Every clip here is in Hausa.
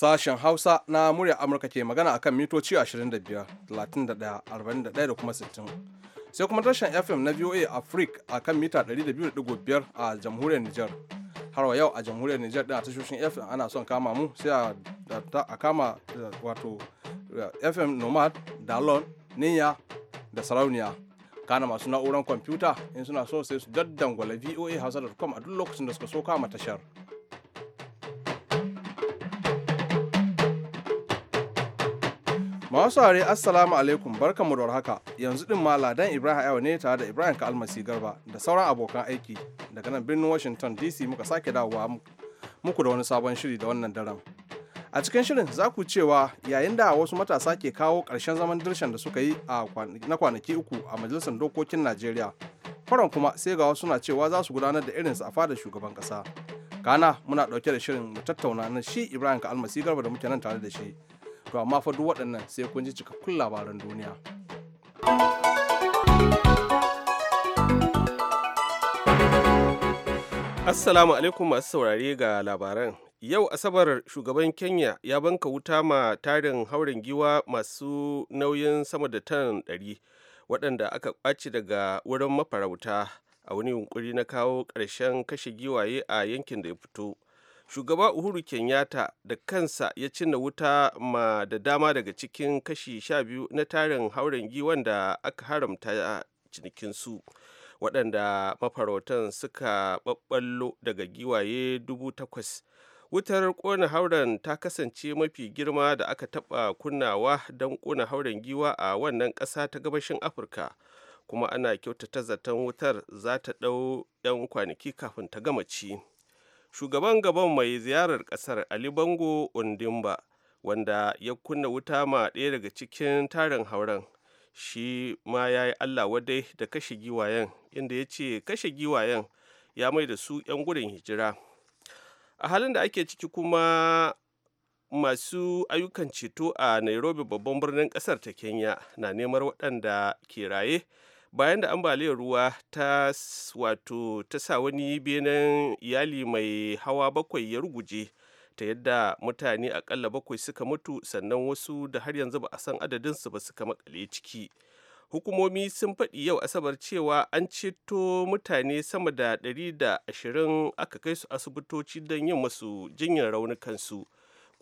Sashen Hausa na murya Amurka ke magana akan mitoci 25, 31, da kuma 60. Sai kuma tashan FM na VOA Africa kan mita 200.5 a jamhuriyar Nijar. har wa yau a jamhuriyar Nijar da tashoshin FM ana son kama mu sai a kama wato FM Nomad, Dalon, Niya da Sarauniya. Kana masu na'uran kwamfuta in suna so sai su daddangwala voa hausa.com a duk lokacin da suka so kama tashar. Masu are assalamu alaikum barkanmu da haka yanzu din ma ladan Ibrahim Ayo ne tare da Ibrahim Kalmasi Garba da sauran abokan aiki daga nan birnin Washington DC muka sake dawowa muku da wani sabon shiri da wannan daren. A cikin shirin za ku cewa yayin da wasu matasa ke kawo ƙarshen zaman dirshan da suka yi na kwanaki uku a majalisar dokokin Najeriya. Faran kuma sai ga wasu na cewa za su gudanar da irinsu a fada shugaban kasa Kana muna ɗauke da shirin mu tattauna na shi Ibrahim Kalmasi Garba da muke nan tare da shi. to amma fa duk waɗannan sai kun ji cikakkun labaran duniya assalamu alaikum masu saurare ga labaran yau asabar shugaban kenya ya banka wuta ma tarin hauren giwa masu nauyin sama da tan ɗari waɗanda aka ƙwace daga wurin mafarauta a wani yunkuri na kawo ƙarshen kashe giwaye a yankin da ya fito shugaba uhuru kenyatta da kansa ya cinna wuta ma da dama daga cikin kashi sha biyu na tarin hauren giwan da aka haramta cinikinsu waɗanda mafarautan suka ɓaɓɓallo daga giwaye dubu takwas wutar ƙona hauren ta kasance mafi girma da aka taɓa kunnawa don ƙona hauren giwa a wannan ƙasa ta gabashin afirka kuma ana kyautata zaton wutar za ta ɗau 'yan kwanaki kafin ta gama ci. shugaban gaban mai ziyarar kasar ali bango undimba wanda ya kunna wuta ma ɗaya daga cikin tarin hauren shi ma ya yi allah wadai da kashe giwayen inda ya ce kashe giwayen ya mai da su 'yan gudun hijira a halin da ake ciki kuma masu ayyukan ceto a nairobi babban birnin kasar ta kenya na neman waɗanda ke raye bayan da ambaliyar ruwa ta wato ta sa wani benen iyali mai hawa bakwai ya ruguje ta yadda mutane akalla bakwai suka mutu sannan wasu da har yanzu ba a san adadinsu ba suka makale ciki hukumomi sun faɗi yau asabar cewa an ceto mutane sama da 120 aka kai su asibitoci don yin masu jinyar raunukansu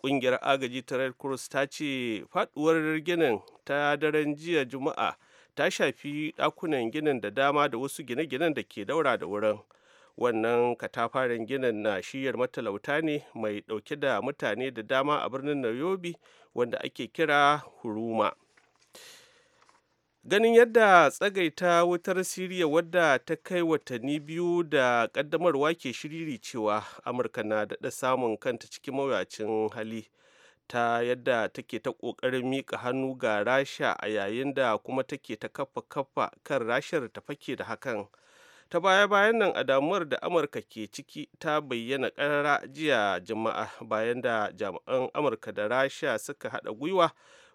ƙungiyar agaji ta red cross ta ce faɗuwar ginin ta daren jiya juma'a ta shafi ɗakunan ginin da dama da wasu gine-ginen da ke daura da wurin wannan katafaren ginin na shiyar matalauta ne mai ɗauke da mutane da dama a birnin nairobi wanda ake kira huruma ganin yadda tsagaita wutar siriya wadda ta kai watanni biyu da kaddamarwa ke shiriri cewa amurka na daɗa samun kanta cikin mawuyacin hali ta yadda take ta ƙoƙarin miƙa hannu ga rasha a yayin da kuma take ta kafa kafa kan rashar ta fake da hakan ta baya-bayan nan a damuwar da amurka ke ciki ta bayyana karara jiya jama'a bayan da jami'an amurka da rasha suka haɗa gwiwa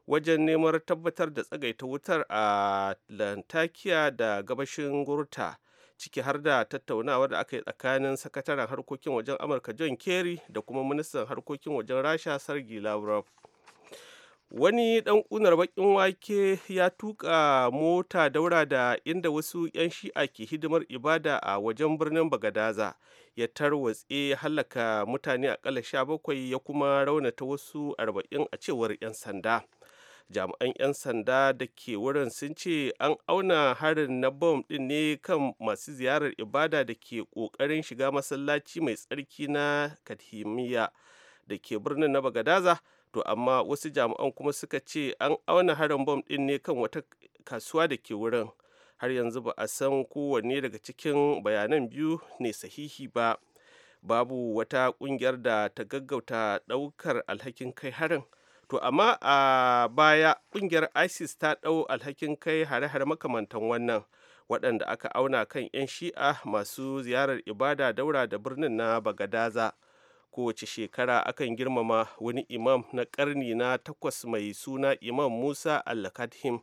wajen neman tabbatar da tsagaita wutar a lantakiya da gabashin gurta ciki har da tattaunawar da aka yi tsakanin sakataren harkokin wajen amurka john kerry da kuma ministan harkokin wajen rasha sergei lavrov wani dan kunar bakin wake ya tuka mota daura da inda wasu 'yan shi'a ke hidimar ibada a wajen birnin bagadaza ya tarwatse halaka mutane akalla 17 ya kuma raunata wasu 40 a cewar 'yan sanda jami'an 'yan sanda da ke wurin sun ce an auna harin na bom din ne kan masu ziyarar ibada da ke ƙoƙarin shiga masallaci mai tsarki na kathimiya da ke birnin na bagadaza to amma wasu jami'an kuma suka ce an auna harin bom din ne kan wata kasuwa da ke wurin har yanzu ba a san kowanne daga cikin bayanan biyu ne sahihi ba babu wata kungiyar da ta gaggauta daukar alhakin kai harin to amma a baya kungiyar isis ta ɗau alhakin kai hare-hare makamantan wannan waɗanda aka auna kan 'yan shi'a masu ziyarar ibada daura da birnin na bagadaza kowace shekara akan girmama wani imam na karni na takwas mai suna imam musa al-kadhim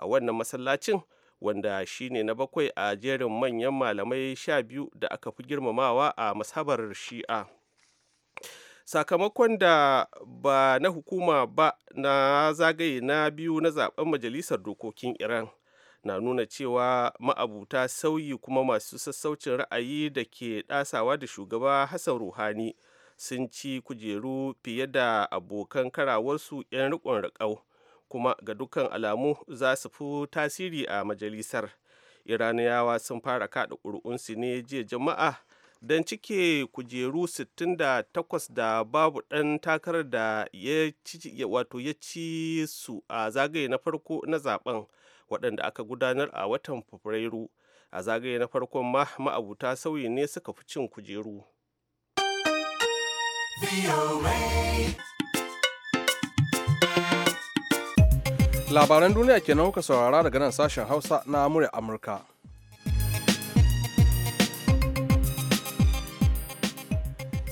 a wannan masallacin wanda shine na bakwai a jerin manyan malamai sha biyu da aka fi girmamawa a mashabar shi'a sakamakon da ba na hukuma ba na zagaye na biyu na zaben majalisar dokokin iran na nuna cewa ma'abuta sauyi kuma masu sassaucin ra'ayi da ke dasawa da shugaba hassan ruhani sun ci kujeru fiye da abokan karawarsu 'yan riƙon rikau kuma ga dukkan alamu za su fi tasiri a majalisar iraniyawa sun fara kaɗa ƙuri'unsu ne jiya jama'a don cike kujeru 68 da babu ɗan takarar da ya ci su a zagaye na farko na zaben waɗanda aka gudanar a watan fabrairu a zagaye na farkon ma ma'abuta sauyi ne suka fi cin kujeru labaran duniya kenan kuka saurara daga nan sashen hausa na amurka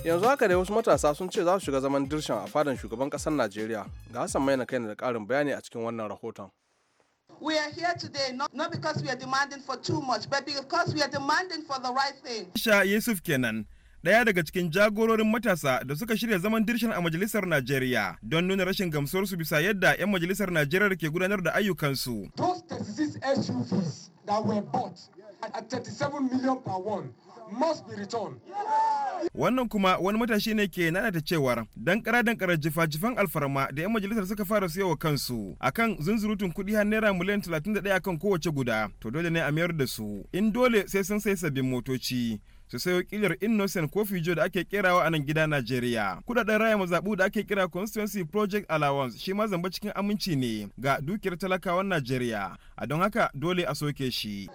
yanzu haka dai wasu matasa sun ce za su shiga zaman dirshan a fadan shugaban kasar najeriya ga hassan maina kai da karin bayani a cikin wannan rahoton We are here today not, not because we are demanding for too much, but the right thing. Isha Yusuf kenan, ɗaya daga cikin jagororin matasa da suka shirya zaman dirshan a majalisar Najeriya don nuna rashin su bisa yadda 'yan majalisar Najeriya ke gudanar da ayyukansu. Those 36 SUVs that were bought at 37 million per one must be returned. Wannan kuma wani matashi ne ke nanata cewar dankara kara jifa-jifan alfarma da 'yan majalisar suka fara siyowa kansu akan zunzurutun kudi har naira miliyan 31 akan kowace guda to dole ne a mayar da su in dole sai sun sai sabbin motoci su sayo kilar innocent ko fijo da ake kerawa a nan gida najeriya kudaden raya mazaɓu da ake kira constituency project allowance shi ma zamba cikin aminci ne ga dukiyar talakawan najeriya a don haka dole a soke shi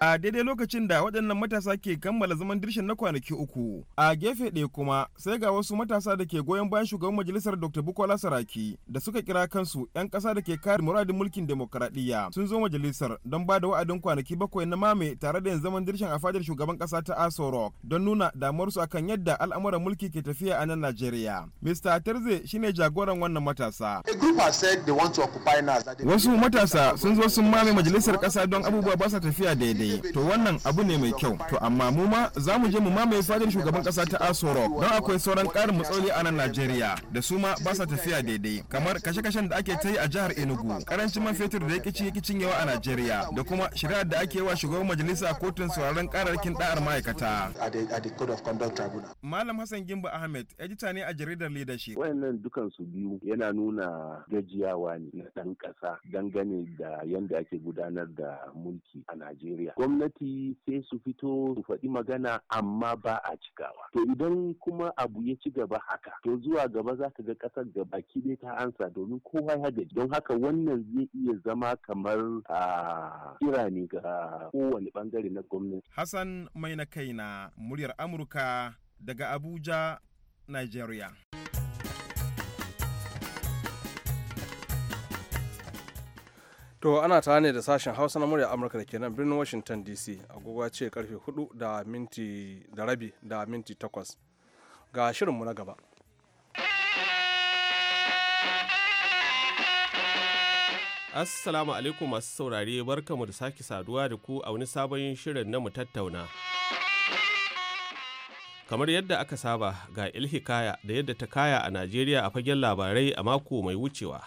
a daidai lokacin da waɗannan matasa ke kammala zaman dirshin na kwanaki uku a gefe ɗaya kuma sai ga wasu matasa da ke goyon bayan shugaban majalisar dr bukola saraki da suka kira kansu 'yan ƙasa da ke kare muradin mulkin demokaradiyya sun zo majalisar don ba da wa'adin kwanaki bakwai na mame tare da yin zaman dirshan a fadar shugaban kasa ta aso rock don nuna damuwarsu akan yadda al'amuran mulki ke tafiya a nan najeriya mr terze shine jagoran wannan matasa wasu matasa sun zo sun mame majalisar kasa don abubuwa ba sa tafiya daidai to wannan abu ne mai kyau to amma mu ma za mu je mu mamaye fadar shugaban kasa ta aso rock don akwai sauran karin matsaloli a nan najeriya da su ma ba sa tafiya daidai kamar kashe-kashen da ake ta yi a jihar enugu karancin man fetur da ya kici yawa a Najeriya da kuma shari'ar da ake wa shugaban majalisa kotun sauraron kararrakin da'ar ma'aikata. Malam Hassan Gimba Ahmed edita ne a jaridar Leadership. Wayannan dukan su biyu yana nuna gajiyawa ne na ɗan ƙasa dangane da yadda ake gudanar da mulki a Najeriya. Gwamnati sai su fito su faɗi magana amma ba a cikawa. To idan kuma abu ya ci gaba haka to zuwa gaba za ka ga ƙasar gaba ɗaya ta ansa domin kowa ya gaji don haka wannan zai iya zama kamar a kira ne ga kowane bangare na gwamnati. Hassan mai na kai na muryar Amurka daga Abuja, Nigeria. To ana tare ne da sashen Hausa na murya Amurka da ke nan birnin Washington DC agogo ce karfe 4 da minti rabi da minti 8 ga shirinmu na gaba. Assalamu alaikum masu saurare barkamu da sake saduwa da ku a wani sabon shirin na mu tattauna. Kamar yadda aka saba ga ilhikaya da yadda ta kaya a Najeriya a fagen labarai a mako mai wucewa.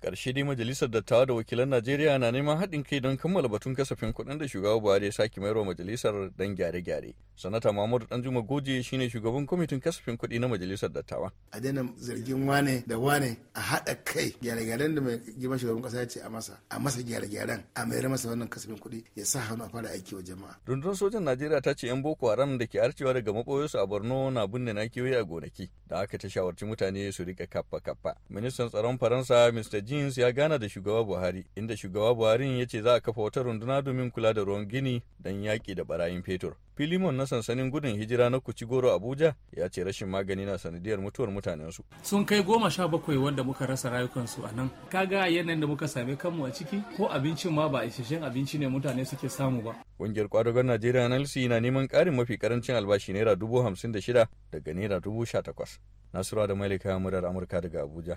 karshe dai majalisar dattawa da wakilan Najeriya na neman haɗin kai don kammala batun kasafin kuɗin da shugaba Buhari ya sake mayarwa majalisar don gyare-gyare. Sanata Muhammadu Danjuma Goje shine shugaban kwamitin kasafin kuɗi na majalisar dattawa. A daina zargin wane da wane a haɗa kai gyare-gyaren da mai girman shugaban kasa ya ce a masa, a masa gyare-gyaren a mayar masa wannan kasafin kuɗi ya sa hannu a fara aiki wa jama'a. Rundunar sojan Najeriya ta ce 'yan Boko Haram da ke arcewa daga maɓoyarsu a Borno na binne nakiyoyi a gonaki da aka ta shawarci mutane su riƙa kappa-kappa. Ministan tsaron Faransa Mr. jeans ya gana da shugaba Buhari, inda shugaba Buhari ya ce za a kafa wata runduna domin kula da ruwan gini don yaƙi da barayin fetur. Filimon na sansanin gudun hijira na Kucigoro Abuja ya ce rashin magani na sanadiyar mutuwar mutanensu. Sun kai goma sha bakwai wanda muka rasa rayukansu a nan. Kaga yanayin da muka same kanmu a ciki ko abincin ma ba isasshen abinci ne mutane suke samu ba. Ƙungiyar kwadagon Najeriya NLC e na neman ƙarin mafi karancin albashi naira dubu hamsin da shida daga naira dubu sha takwas. Nasiru da Malika Murar Amurka daga Abuja,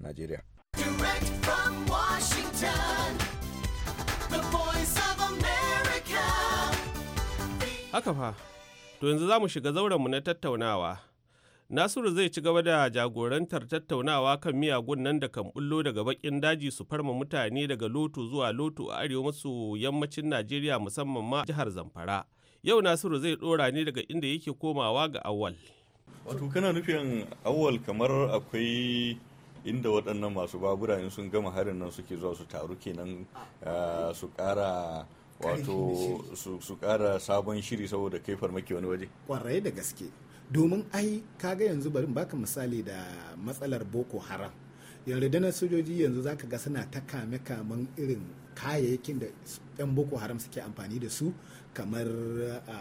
Najeriya. Direct from Washington, the voice of America. Haka fa, to yanzu za mu shiga zauren mu na tattaunawa. Nasiru zai ci gaba da jagorantar tattaunawa kan miyagun nan da kan bullo daga bakin daji su farma mutane daga loto zuwa loto a arewa maso yammacin Najeriya musamman ma jihar Zamfara. Yau Nasiru zai dora ne daga inda yake komawa ga awal. Wato kana nufin awal kamar akwai inda waɗannan masu babura in sun gama harin nan suke zuwa su taru kenan ah. Ah, su ƙara wato su ƙara sabon shiri saboda kai farmaki wani waje kwarai da gaske domin ai kaga yanzu barin baka misali da matsalar boko haram yanzu na sojoji yanzu zaka ga suna ta kame kaman irin kayayyakin da yan boko haram suke amfani da su kamar a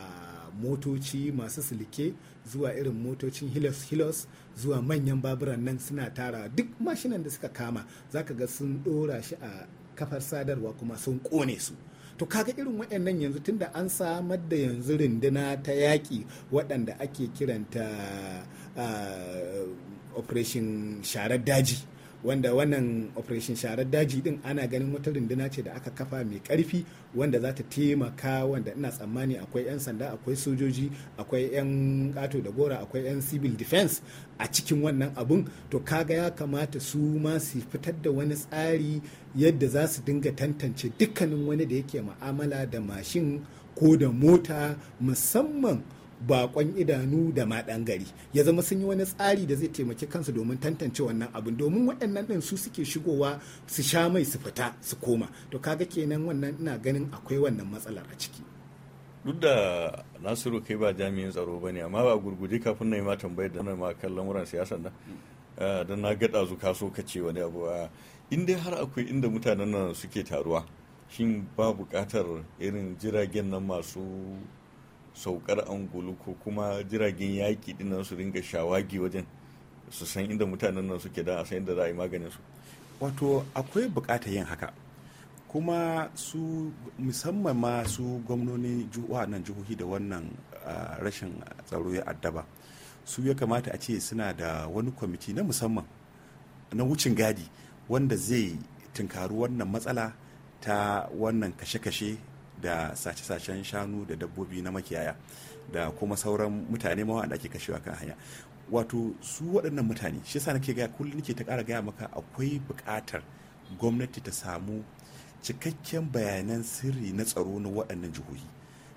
motoci masu silike zuwa irin motocin hilos hilos zuwa manyan baburan nan suna tara duk mashinan da suka kama zaka ga sun dora shi a kafar sadarwa kuma sun kone su to kaga irin waɗannan yanzu tunda an samar da yanzu rinduna ta yaƙi waɗanda ake kiranta uh, operation sharar daji wanda wannan operation sharar daji din ana ganin wata runduna ce da aka kafa mai karfi wanda za ta taimaka wanda ina tsammani akwai 'yan sanda akwai sojoji akwai 'yan kato da gora akwai 'yan civil defense a cikin wannan abun to kaga ya kamata su ma su fitar da wani tsari yadda za su dinga tantance dukkanin wani da yake ma'amala da mashin ko da mota musamman bakon idanu da maɗan gari ya zama sun yi wani tsari da zai taimaki kansu domin tantance wannan abin domin waɗannan ɗin su suke shigowa su sha mai su fita su koma to kaga kenan wannan ina ganin akwai wannan matsalar a ciki duk da nasiru kai ba jami'in tsaro ba ne amma ba gurguje kafin na yi ma tambayar da na ma kan lamuran siyasar nan eh, don na gaɗa ka so ka ce wani abu ah, in dai har akwai inda mutanen nan suke taruwa shin ba buƙatar irin jiragen nan masu saukar angulu ko kuma jiragen yaƙi dinnan su ringa shawagi wajen su san inda mutanen nan suke da a san inda za a yi maganin su wato akwai bukatar yin haka kuma su musamman ma su gwamnoni nan jihohi da wannan rashin tsaro ya addaba su ya kamata a ce suna da wani kwamiti na musamman na wucin gadi wanda zai tunkari wannan matsala ta wannan kashe-kashe da sace-sacen shanu da dabbobi na makiyaya da kuma sauran mutane mawa da ake kashewa kan hanya wato su waɗannan mutane shi yasa nake gaya kullum nake ta ƙara gaya maka akwai buƙatar gwamnati ta samu cikakken bayanan sirri na tsaro na waɗannan jihohi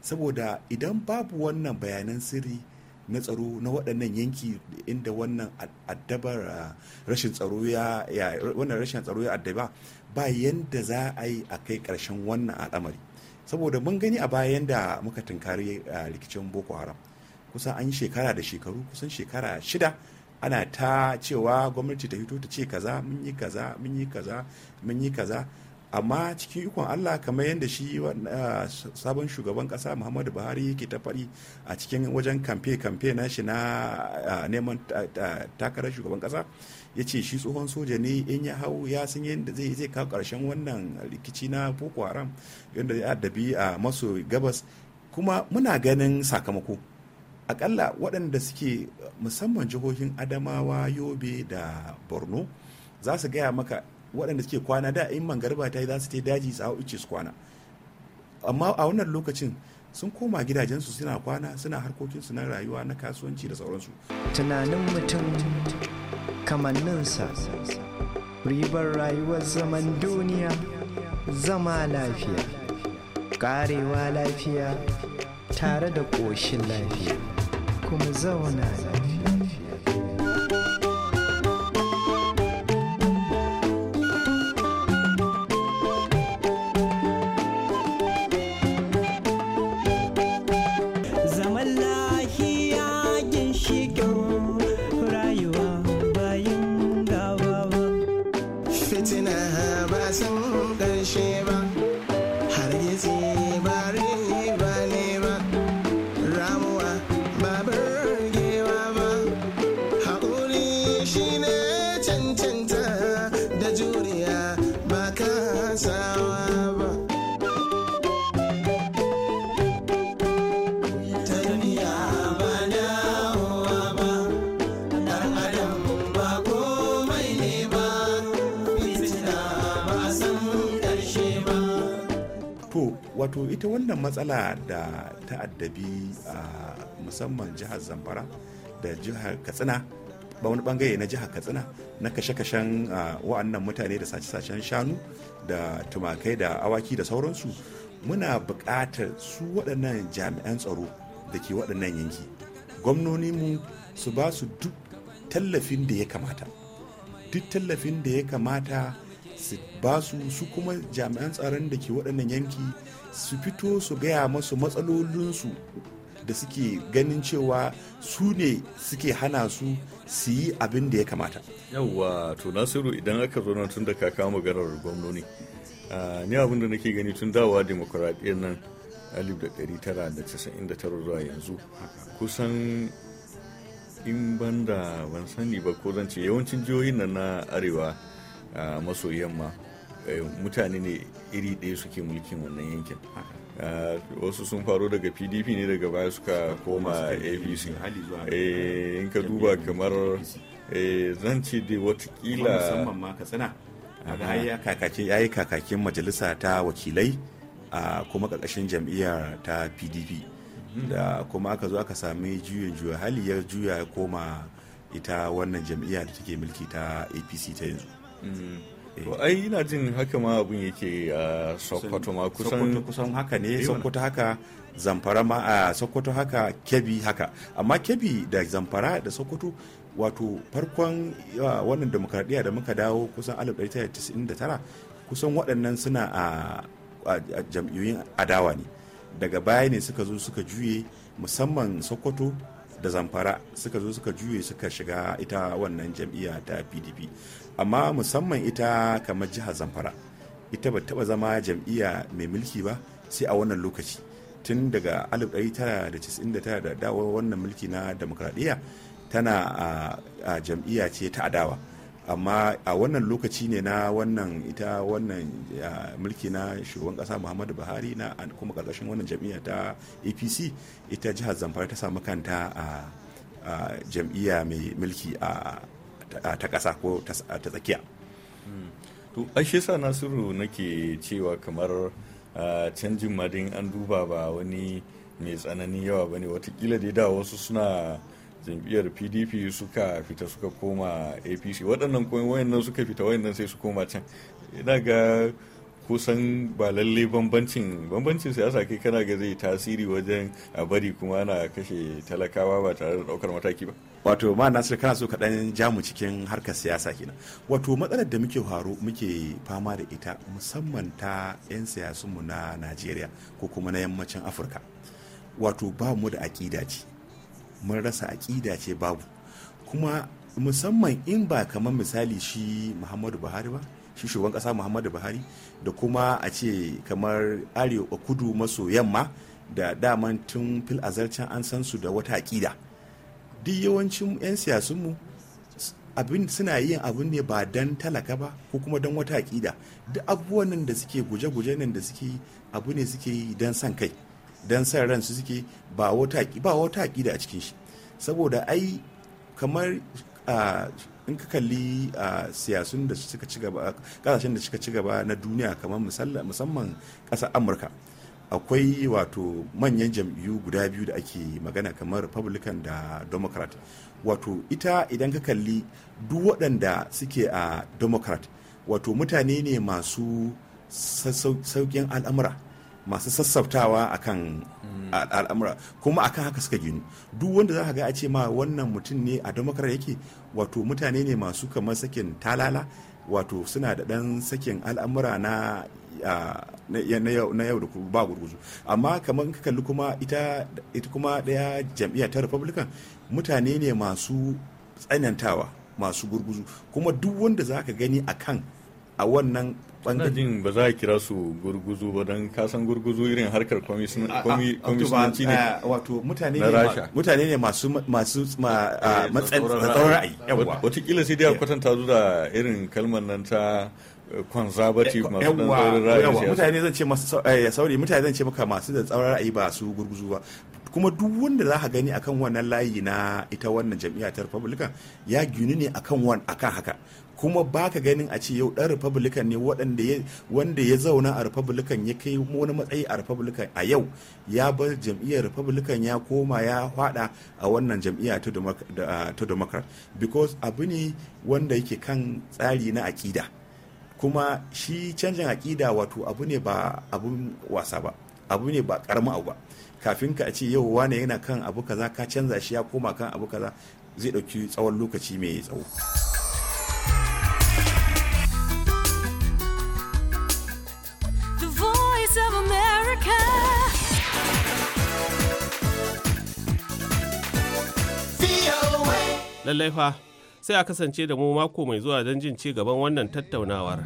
saboda idan babu wannan bayanan sirri na tsaro na waɗannan yanki inda wannan addabar ah, rashin tsaro ya wannan rashin tsaro ya addaba ba yanda za a yi a kai ƙarshen wannan al'amari saboda mun gani a bayan da muka tunkari rikicin boko haram kusan an yi shekara da shekaru kusan shekara shida ana ta cewa gwamnati ta fito ta ce kaza mun yi kaza mun yi kaza mun yi kaza amma cikin ikon allah kamar yadda shi ah, sabon shugaban kasa muhammadu buhari yake ta fari a cikin wajen kamfe-kamfe na shi na ah, neman takarar shugaban kasa ya ce shi tsohon soja ne in ya hau ya san yadda zai zai kawo karshen wannan rikici na boko haram yadda ya addabi a ah, maso gabas kuma muna ganin sakamako akalla waɗanda suke musamman jihohin adamawa yobe da borno za su gaya maka waɗanda suke kwana da in man garba ta yi za su ta daji su hau ice su kwana amma a wannan lokacin sun koma gidajensu suna kwana suna harkokinsu na rayuwa na kasuwanci da sauransu tunanin mutum sa ribar rayuwar zaman duniya zama lafiya karewa lafiya tare da ƙoshin lafiya kuma zauna lafiya to wato ita wannan matsala da ta addabi a musamman jihar zamfara da jihar katsina ba wani bangare na jihar katsina na kashe-kashen wa'annan mutane da sace-sacen shanu da tumakai da awaki da sauransu muna buƙatar su waɗannan jami'an tsaro da ke waɗannan yanki mu su ba su duk tallafin da ya kamata duk tallafin da ya kamata su ba su su kuma jami'an tsaron da ke waɗannan yanki su fito su gaya masu matsalolinsu da suke ganin cewa su ne suke hana su su yi abin da ya kamata yawwa to nasiru idan aka zo nan tun da ka kama maganar gwamnoni ni abin da nake gani tun dawa demokuraɗiyyar nan 1999 zuwa yanzu kusan in banda ban sani ba ko zan yawancin jihohin nan na arewa maso yamma eh, mutane ne iri ɗaya suke mulkin wannan yankin eh, wasu sun faro daga pdp ne daga baya suka koma apc eh, in ka duba kamar zan ce dai watakila musamman ma ya yi kakakin majalisa ta wakilai a kuma ƙarƙashin jam'iyyar ta pdp mhm. da kuma aka zo aka sami juyin juya hali ya juya ya koma ita wannan jam'iyya da take mulki ta apc ta yanzu Mm. ai ina jin haka ma abin yake a sokoto ma kusan kusan haka ne eh, sokoto haka zamfara ma a sokoto haka kebi haka amma kebi da zamfara da sokoto wato farkon wannan demokradiyya da muka dawo kusan 1999 kusan waɗannan suna a jam'iyyun adawa ne daga baya ne suka zo suka juye musamman sokoto da zamfara suka zo suka juye suka shiga ita wannan jam'iyya ta pdp amma musamman ita kamar jihar zamfara ita ba taba zama jam'iyya mai mulki ba sai a wannan lokaci tun daga 1999 da dawo wannan mulki na demokradiyya tana a jam'iyya ce ta adawa amma a wannan lokaci ne na wannan ita wannan mulki na shugaban kasa muhammadu buhari na kuma karkashin wannan jam'iyya ta apc ita jihar zamfara ta samu kanta a jam'iyya mai mulki a ta kasa ko ta tsakiya hmm. to ashe sa nasiru nake cewa kamar canjin madin an duba ba wani mai tsananin yawa bane watakila dai da wasu suna jam'iyyar pdp suka fita suka koma apc waɗannan kuma wayannan suka fita wayannan sai su koma can ina ga kusan ba lalle bambancin bambancin siyasa kai kana ga zai tasiri wajen a bari kuma ana kashe talakawa ba tare da ɗaukar mataki ba wato ma nasir kana so kaɗan jamu cikin harkar siyasa kenan wato matsalar da muke haro muke fama da ita musamman ta 'yan siyasunmu na najeriya ko kuma na yammacin afirka wato ba mu da aƙida ce mun rasa aƙida ce babu kuma musamman in ba kamar misali shi muhammadu buhari ba shi shugaban ƙasa muhammadu buhari da kuma a ce kamar arewa kudu maso yamma da daman tun fil azarcen an san su da wata aƙida duk yawancin 'yan siyasunmu suna yin abin ne ba don talaka ba ko kuma don wata aƙida duk abubuwan nan da suke guje-guje nan da suke abu ne suke yi don san kai don sa ran su suke ba wata ba wata a cikin shi saboda ai kamar in ka kalli a siyasun da suka ci gaba kasashen da suka ci gaba na duniya kamar musamman ƙasar amurka akwai wato manyan jam'iyyu guda biyu da ake magana kamar republican da democrat wato ita idan ka kalli duk waɗanda suke a democrat wato mutane ne masu sauƙin al'amura masu sassautawa akan mm. al'amura kuma akan haka suka ginu duk wanda za ka ga a ce ma wannan mutum ne a damakar yake wato mutane ne masu kamar sakin talala wato suna da dan sakin al'amura na na yau da ba gurguzu amma kamar ka kalli kuma ita kuma ɗaya jam'iyyar ta republican mutane ne masu tsanantawa masu gurguzu kuma duk wanda za ka gani akan a wannan bangaren ba za a kira su gurguzu ba don kasan gurguzu irin harkar kwamishinanci ne wato mutane ne masu matsauran eh, ra'ayi watakila sai dai a kwatanta zu da irin kalmar nan ta eh, conservative eh, masu ɗan tsaurin ra'ayi mutane zan ce masu sauri mutane zan ce maka masu da tsaurin ra'ayi ba su gurguzu ba kuma duk wanda za ka gani akan wannan layi na ita wannan jam'iyya ta republican ya gini ne akan wan akan haka kuma baka ganin a ce yau dan republican ne wanda ya zauna a republican ya kai wani matsayi a republican a yau ya bar jam'iyyar republican ya koma ya fada a wannan jam'iyyar ta democrat because abu ne wanda yake kan tsari na akida kuma shi canjin akida wato abu ne ba abun wasa ba abu ne ba karamin abu ba kafin ka ce yau wane yana kan abu kaza ka canza shi ya koma kan abu kaza zai ɗauki tsawon lokaci mai tsawo lallai fa sai a kasance da mu mako mai zuwa don jin ci gaban wannan tattaunawar.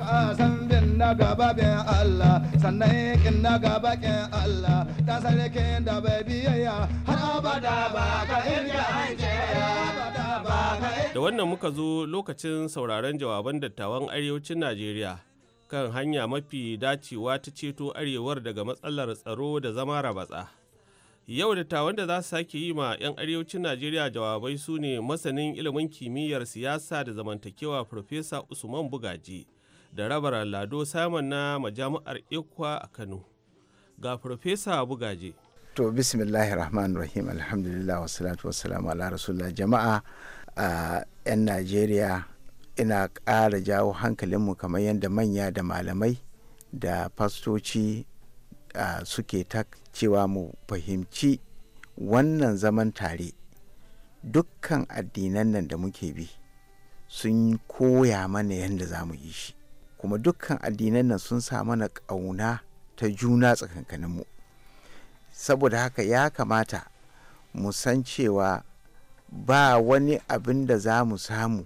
na gaba bin Allah sannan yakin na gaba kin Allah ta da bai ya har abada ba ka inda hanje da wannan muka zo lokacin sauraron jawaban dattawan arewacin Najeriya kan hanya mafi dacewa ta ceto arewar daga matsalar tsaro da zama rabatsa. Yau dattawan da za su sake yi ma 'yan arewacin Najeriya jawabai su ne masanin ilimin kimiyyar siyasa da zamantakewa Farfesa Usman Bugaji da rabar lado Simon na majami'ar ikwa a kano ga farfesa bugaje to bismillahi rahman rahim alhamdulillah wasalatu wasalamu ala rasulullah jama'a a 'yan najeriya ina ƙara jawo hankalinmu kamar yadda manya da malamai da fastoci suke ta cewa mu fahimci wannan zaman tare dukkan addinan nan da muke bi sun koya mana yadda za mu yi shi kuma dukkan addinan nan sun sa mana ƙauna ta juna tsakankaninmu saboda haka ya kamata mu san cewa ba wani abin da za mu samu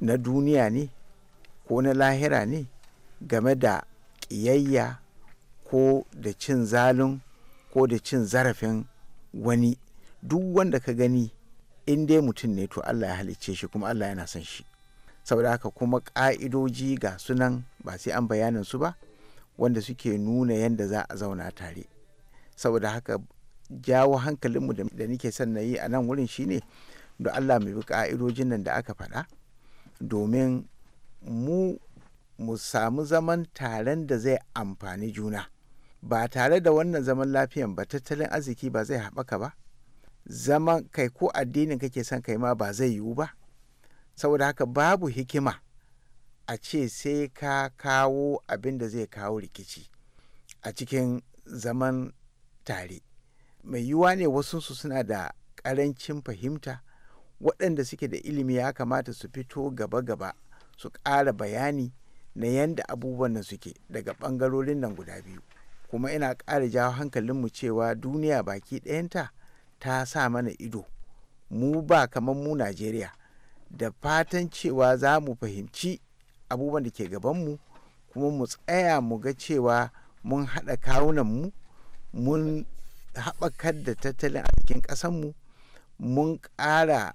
na duniya ne ko na lahira ne game da ƙiyayya ko da cin zalun ko da cin zarafin wani duk wanda ka gani in dai mutum ne to Allah ya halicce shi kuma Allah yana son shi saboda haka kuma ƙa'idoji ga sunan ba sai an bayanin su ba wanda suke nuna yadda za a zauna tare saboda haka jawo hankalinmu da nike son na yi a nan wurin shine da allah mai bi ka'idojin nan da aka faɗa domin mu mu samu zaman taren da zai amfani juna ba tare da wannan zaman lafiyan ba tattalin arziki ba zai haɓaka ba zaman kai ko addinin kake son kai ma ba zai yiwu ba saboda haka babu hikima a ce sai ka kawo abin da zai kawo rikici a cikin zaman tare mai yiwuwa ne su suna da ƙarancin fahimta waɗanda suke da ilimi ya kamata su fito gaba-gaba su ƙara bayani na yadda abubuwan nan suke daga ɓangarorin nan guda biyu kuma ina ƙara jawo hankalinmu cewa duniya baki ɗayanta ta sa mana ido mu ba kamar mu najeriya da fatan cewa za mu fahimci abubuwan da ke gabanmu kuma mu tsaya mu ga cewa mun haɗa mu mun haɓakar da tattalin arzikin ƙasanmu mun ƙara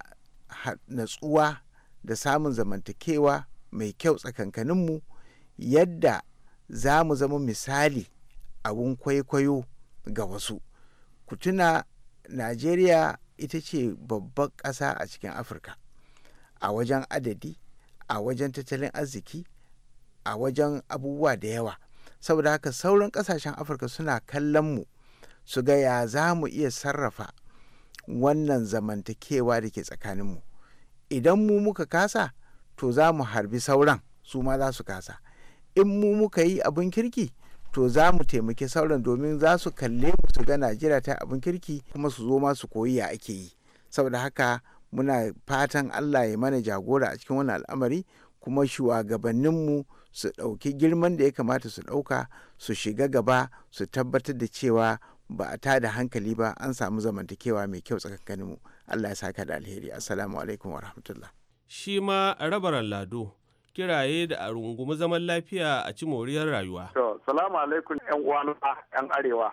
natsuwa da samun zamantakewa mai kyau tsakankaninmu yadda za mu zama misali abun kwaikwayo ga wasu kutuna najeriya ita ce babban ƙasa a cikin afirka a wajen adadi a wajen tattalin arziki a wajen abubuwa da yawa saboda haka sauran kasashen afirka suna kallon mu su ga ya za mu iya sarrafa wannan zamantakewa da ke tsakanin mu. idan mu muka kasa to za mu harbi sauran su ma za su kasa in mu muka yi abin kirki to za mu taimaki sauran domin za su kalle mu su ga najeriya ta abin kirki kuma su zo ma su koyi ya ake yi saboda haka muna fatan allah ya mana jagora a cikin wannan al'amari kuma shugabanninmu su ɗauki girman da ya kamata su ɗauka su shiga gaba su tabbatar da cewa ba a tada hankali ba an samu zamantakewa mai kyau tsakankaninmu allah ya saka da alheri assalamu alaikum wa rahmatullah shi ma rabaran lado kiraye da a rungumi zaman lafiya a ci moriyar rayuwa to salamu alaikum yan uwana yan arewa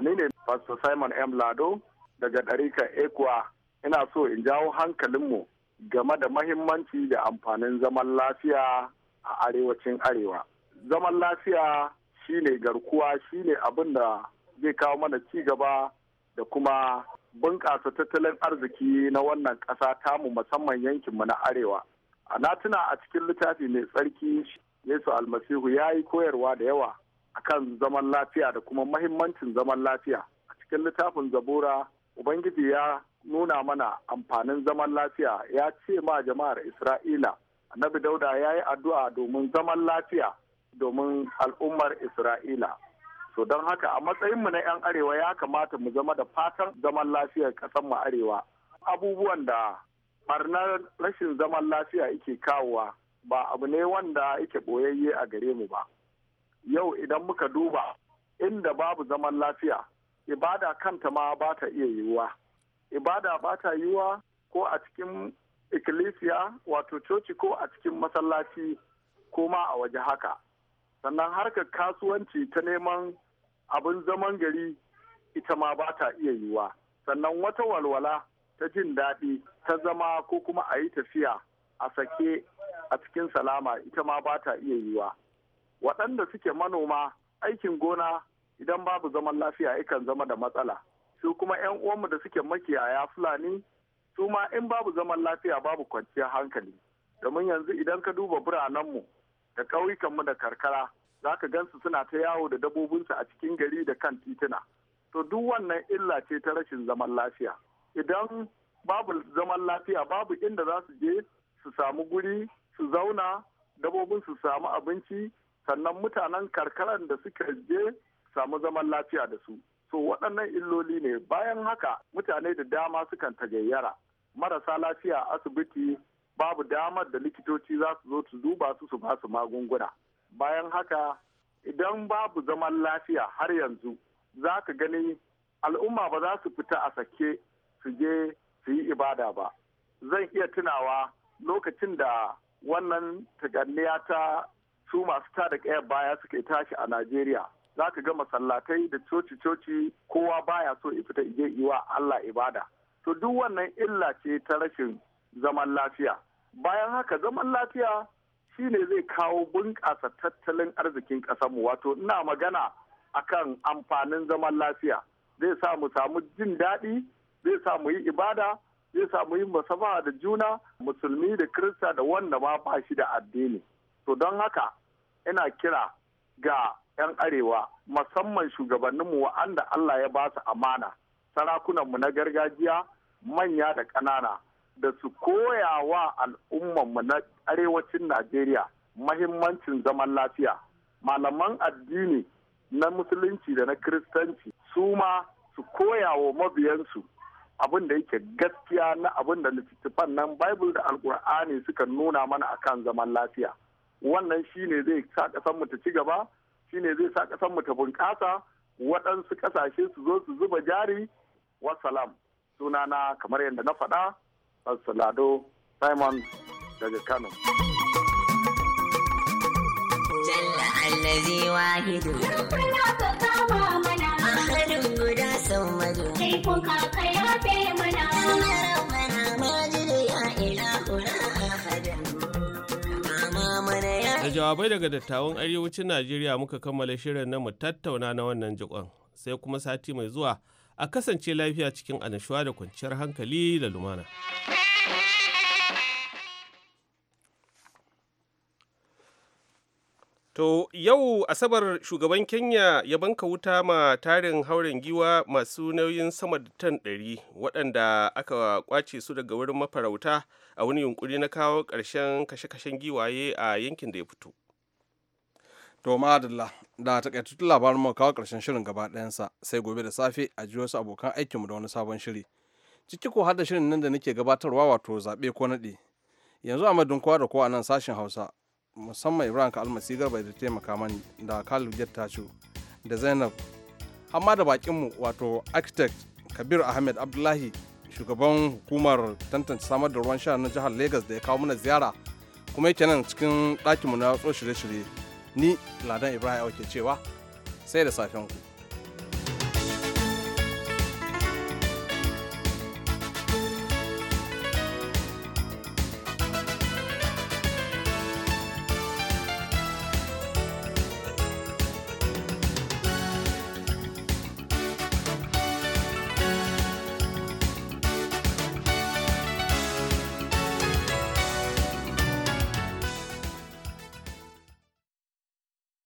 ni ne pastor simon m lado daga ɗarika ekwa ina so in jawo hankalinmu game da mahimmanci da amfanin zaman lafiya a arewacin arewa zaman lafiya shine garkuwa shine abin da zai kawo mana ci gaba da kuma bunƙasa tattalin arziki na wannan ƙasa tamu musamman yankinmu na arewa a na tuna a cikin littafi mai tsarki yesu almasihu ya yi koyarwa da yawa akan zaman lafiya da kuma mahimmancin zaman lafiya a cikin littafin zabura ubangiji ya nuna mana amfanin zaman lafiya ya ce ma jama'ar isra'ila annabi dauda ya yi addu'a domin zaman lafiya domin al'ummar isra'ila so don haka a matsayinmu na 'yan arewa ya kamata mu zama da fatan zaman lafiyar mu arewa abubuwan da barnar rashin zaman lafiya yake kawowa ba abu ne wanda yake ɓoyayye a gare mu ba yau idan muka duba inda babu zaman lafiya ibada kanta ma ba ta iya yiwuwa ibada ba ta yiwa ko a cikin ikkilisiya wato coci ko a cikin masallaci ko ma a waje haka sannan harkar kasuwanci ta neman abin zaman gari ita ma ba ta iya yiwa sannan wata walwala ta jin daɗi ta zama ko kuma a yi tafiya a sake a cikin salama ita ma ba ta iya yiwa waɗanda suke manoma aikin gona idan babu zaman lafiya ikan zama da matsala su kuma 'yan uwanmu da suke makiyaya fulani su ma in babu zaman lafiya babu kwanciyar hankali domin yanzu idan ka duba biranenmu da ƙauyukanmu da karkara za ka gansu suna ta yawo da dabobinsu a cikin gari da kan tituna to duk wannan illa ce ta rashin zaman lafiya idan babu zaman lafiya babu inda za su je su samu guri su zauna dabobin su samu abinci sannan mutanen karkaran da suka je samu zaman lafiya da su so waɗannan illoli ne bayan haka mutane da dama sukan tagayyara marasa lafiya asibiti babu damar da likitoci za su zo su duba su su basu magunguna bayan haka idan babu zaman lafiya har yanzu za ka gani al'umma ba za su fita a sake su je su yi ibada ba zan iya tunawa lokacin da wannan taganniya ta su masu tada kayar baya suke tashi a najeriya za ka ga masallatai da coci-coci kowa baya so ya fita je iwa Allah ibada. To duk wannan illa ce ta rashin zaman lafiya. Bayan haka zaman lafiya shi ne zai kawo bunƙasa tattalin arzikin ƙasarmu wato ina magana akan amfanin zaman lafiya zai sa mu samu jin daɗi zai sa mu yi ibada zai sa mu yi masafa da juna musulmi da kirista da wanda ma ba shi da addini to don haka ina kira ga 'yan arewa musamman shugabanninmu wa'anda Allah ya ba su amana sarakunanmu na gargajiya manya da ƙanana da su koya wa al'ummanmu na arewacin Najeriya mahimmancin zaman lafiya. Malaman addini na musulunci da na kiristanci su ma su koya wa mabiyansu abin da yake gaskiya na abin da littattafan nan Bible da Alkur'ani suka nuna mana akan zaman lafiya. Wannan shine zai sa ƙasar mu ta ci gaba. ne zai sa ƙasar mu ta bunƙasa waɗansu ƙasashe su zo su zuba jari wasalam sunana kamar yadda na faɗa salado simon daga kano jalla allazi wahidu mana guda sau kai kai mana jawabai daga dattawan arewacin Najeriya muka kammala shirin na mu tattauna na wannan jikon sai kuma sati mai zuwa a kasance lafiya cikin annashuwa da kwanciyar hankali da lumana. To yau Asabar shugaban Kenya ya banka wuta ma tarin hauren giwa masu nauyin sama da tan ɗari waɗanda aka kwace su daga wurin mafarauta a wani yunkuri na kawo ƙarshen kashe-kashen giwaye a yankin da ya fito. To ma'adalla da takaitattun labarin mu kawo ƙarshen shirin gaba ɗayansa sai gobe da safe a ji wasu abokan aikinmu da wani sabon shiri. Ciki ko hada shirin nan da nake gabatarwa wato zaɓe ko naɗe. Yanzu a madun kowa da kowa nan sashen Hausa musamman ibrahim almasi garba da taimaka man da khalid jattacho da zainab amma da bakinmu wato architect kabir ahmed abdullahi shugaban hukumar tantance samar da ruwan sha na jihar lagos da ya kawo mana ziyara kuma yake nan cikin ɗakinmu na tso shirye-shirye ni ladan ibrahim auke cewa sai da safen ku